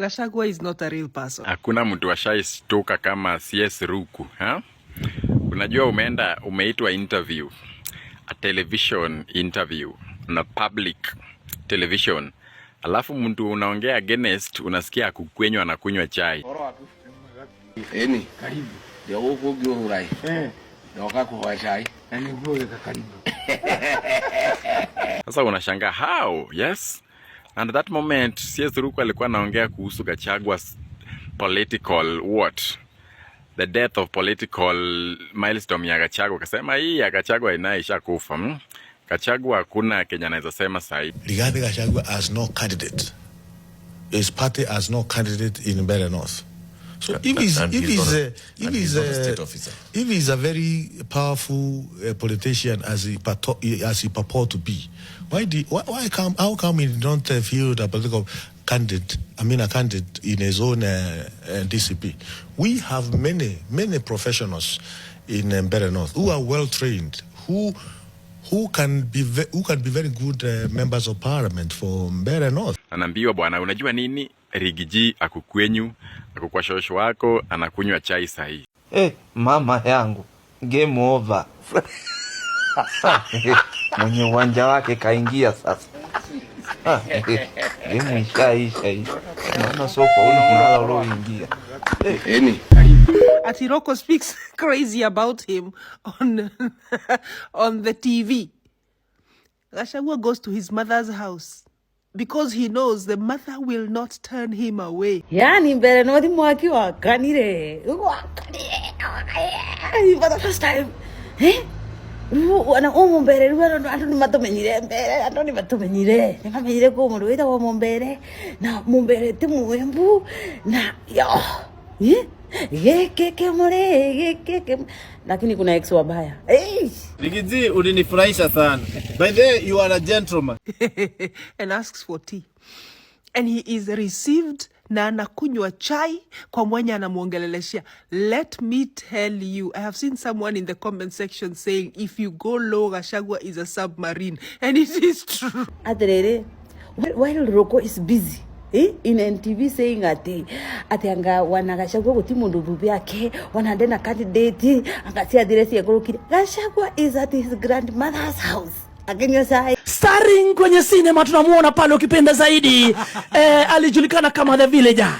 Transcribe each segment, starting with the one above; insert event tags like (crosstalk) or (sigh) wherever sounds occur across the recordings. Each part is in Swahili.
Gachagua is not a real person. Hakuna mtu ashaistuka kama CS Ruku ha? Unajua, umeenda umeitwa interview, a television interview na public television, alafu mtu unaongea against, unasikia akukwenywa na kunywa chai Eni, yaani, karibu. Ndio huko gyo hurai. Eh. Ndio chai. Na karibu. Sasa unashangaa how? Yes. And at that moment CS Ruku alikuwa anaongea kuhusu Gachagua's political what the death of political milestone ya Gachagua. Akasema hii ya Gachagua inaisha kufa mm? Gachagua hakuna Kenya anaweza sema sahi. Rigathi Gachagua has no candidate. His party has no candidate in Mbeere North. So and if he's, if he's, a, if he's, he's a, a state officer. if he's a very powerful uh, politician as he, as he purport to be, why, do, why, why come, how come he don't uh, field a political candidate, I mean a candidate in his own uh, uh, DCP? We have many, many professionals in Mbeere um, Better North who are well trained, who who can be who can be very good uh, members of parliament for Mbeere North. Anambiwa bwana, unajua nini? Rigiji ako kwenyu, ako kwa shosho wako, anakunywa chai sahii. Hey, eh, mama yangu game over. (laughs) mwenye uwanja wake kaingia sasa. Game ishaisha hii, naona sofa ule ingia. Eni. Ati Roko speaks (laughs) crazy about him on (laughs) on the TV. Gashagua goes to his mother's house because he knows the mother will not turn him away yani mbere no thimu akiwakanire for the first time eh na umu mbere rä u andå nä matåmenyire mbere andå nä matåmenyire nä mamenyire kå må ndå wä tagwo må mbere na må mbere tä mwembu na yo lakini kuna ex wabaya. Hey! Nikizi ulinifurahisha sana. By the way, you are a gentleman. (laughs) And asks for tea. And he is received na anakunywa chai kwa mwenye anamwongeleleshia. Let me tell you, I have seen someone in the comment section saying if you go low, Gachagua is a submarine. And it is true. Aterere, while Roko is busy Eh, in NTV saying ati ati anga wanagashagwa guti mundu rubi yake wanande na candidate angatia diresi ya gorokire Gashagwa is at his grandmother's house starring kwenye cinema tunamuona pale, ukipenda zaidi (laughs) eh, alijulikana kama the villager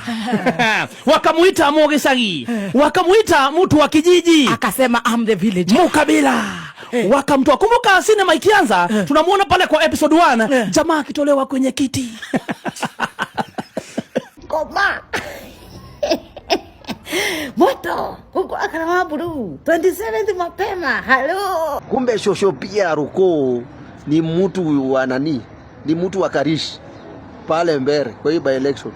(laughs) wakamuita Mogesagi, eh. wakamuita mtu wa kijiji, akasema I'm the villager mukabila Hey. Eh. Wakamtoa. Kumbuka sinema ikianza, hey. Eh. Tunamuona pale kwa episode 1 hey. Jamaa akitolewa kwenye kiti (laughs) (laughs) moto huku akalama bluu 27 mapema halo. Kumbe shosho pia Ruko ni mtu wa nani, ni mtu wa karishi pale mbele kwa hii by election.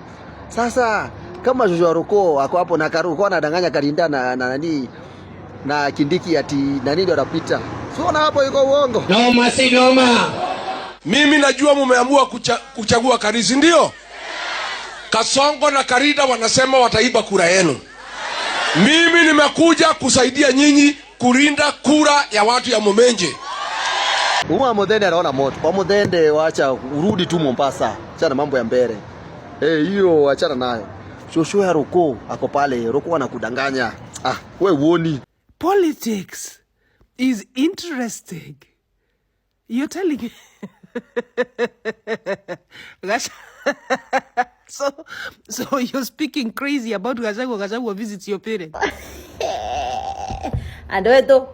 Sasa kama shosho wa Ruko ako hapo na karuko kwa anadanganya Karinda na nani na, Kindiki ati nani ndio anapita, siona hapo iko uongo. Noma si noma. Mimi najua mumeamua kucha, kuchagua Karish ndio Kasongo na Karida wanasema wataiba kura yenu. Mimi nimekuja kusaidia nyinyi kulinda kura ya watu ya Mumenje. Huyu Wamuthende anaona moto. Kwa Wamuthende waacha urudi tu Mombasa. Achana mambo ya mbele. Eh, hey, hiyo achana nayo. Shosho ya Roko ako pale, Roko anakudanganya. Ah, we uoni. Politics is interesting. You're telling Gosh. (laughs) (laughs) (laughs) so, so you're speaking crazy about Gachagua. Gachagua visits your parents. Andå ä tå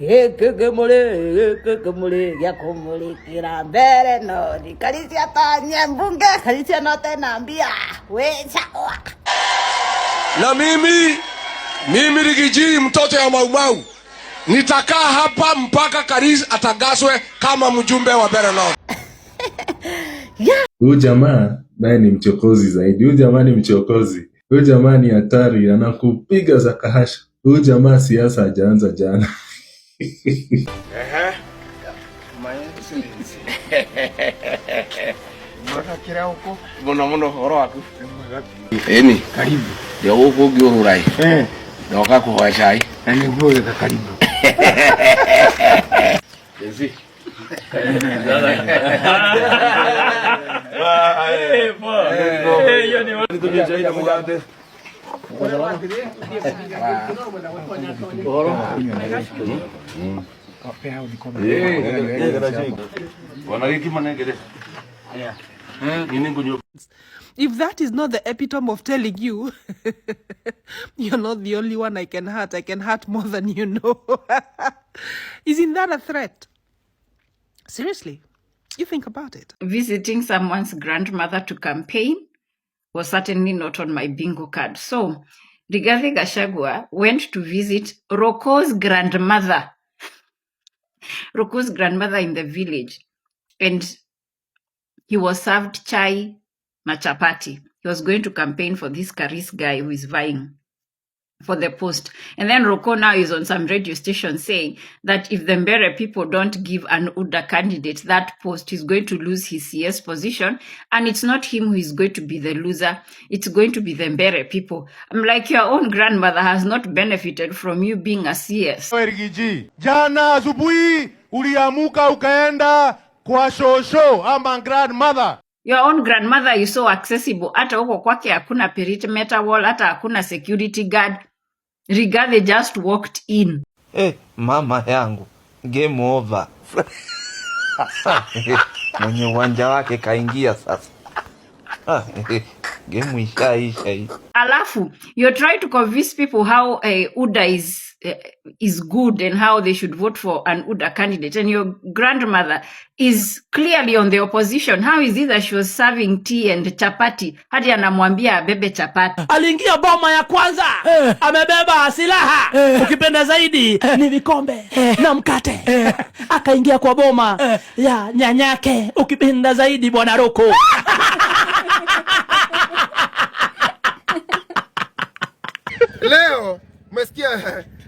gä kä kä må rä gä kä kä må rä gä a kå må rä kä ra mbere no rikaricia ta nye mbunge karicia no tena mbia wä cawa na mimi mimi Rigiji mtoto ya Maumau nitakaa hapa mpaka Karis atagaswe kama mjumbe wa Bereno. (laughs) yeah. Huyu jamaa naye ni mchokozi zaidi. Huyu jamaa ni mchokozi, huyu jamaa ni hatari, anakupiga za kahasha. Huyu jamaa siasa ajaanza jana. (laughs) (laughs) If that is not the epitome of telling you, (laughs) you're not the only one I can hurt, I can hurt more than you know. (laughs) Isn't that a threat? Seriously. You think about it. Visiting someone's grandmother to campaign was certainly not on my bingo card. So Rigathi Gashagua went to visit Roko's grandmother. (laughs) Roko's grandmother in the village. And he was served chai na chapati. He was going to campaign for this Karis guy who is vying for the post. And then Roko now is on some radio station saying that if the Mbere people don't give an Uda candidate that post, he's going to lose his CS position. And it's not him who is going to be the loser. It's going to be the Mbere people. I'm like, your own grandmother has not benefited from you being a CS. Jana asubuhi uliamuka ukaenda kwa shosho ama grandmother Your own grandmother is so accessible, hata huko kwake hakuna perimeter wall, hata hakuna security guard. Rigathi just walked in. Hey, eh, mama yangu game over. (laughs) mwenye uwanja wake kaingia sasa. (laughs) Game ishaisha hii. Alafu you try to convince people how uh, Uda is is good and how they should vote for an UDA candidate, and your grandmother is clearly on the opposition, how is it that she was serving tea and chapati hadi anamwambia abebe chapati? Aliingia boma ya kwanza eh, amebeba silaha eh, ukipenda zaidi eh, ni vikombe eh, na mkate eh, akaingia kwa boma eh, ya nyanyake, ukipenda zaidi bwana Roko (laughs) leo umesikia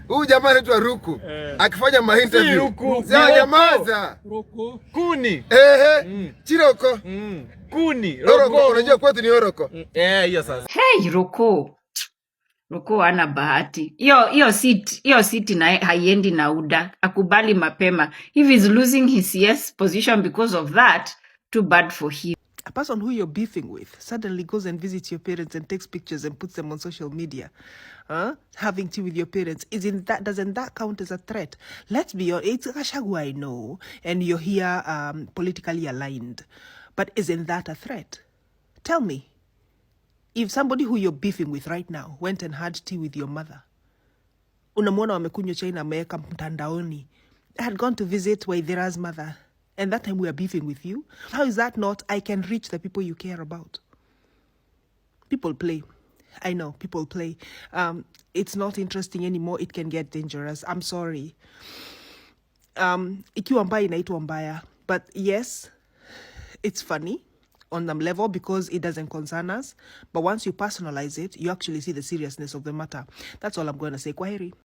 Huyu jamaa anaitwa Ruku eh, akifanya ma interview si Ruku jamaa Ruku kuni ehe mm. chiroko mm. kuni Ruku unajua kwetu ni oroko mm. eh, hiyo sasa. Hey, Ruku Ruku ana bahati hiyo hiyo seat hiyo seat na haiendi na UDA, akubali mapema. he is losing his yes position because of that, too bad for him. a person who you're beefing with suddenly goes and visits your parents and takes pictures and puts them on social media, huh? having tea with your parents, isn't that doesn't that count as a threat? Let's be honest, it's Gachagua I know, and you're here um, politically aligned, but isn't that a threat? Tell me, if somebody who you're beefing with right now went and had tea with your mother, unamwona wamekunywa chai mtandaoni, had gone to visit Waithera's mother and that time we are beefing with you? How is that not I can reach the people you care about? People play. I know people play. Um, it's not interesting anymore. It can get dangerous. I'm sorry. Um, ikiwa mbaya inaitwa mbaya. But yes, it's funny on some level because it doesn't concern us. But once you personalize it, you actually see the seriousness of the matter. That's all I'm going to say. Kwaheri.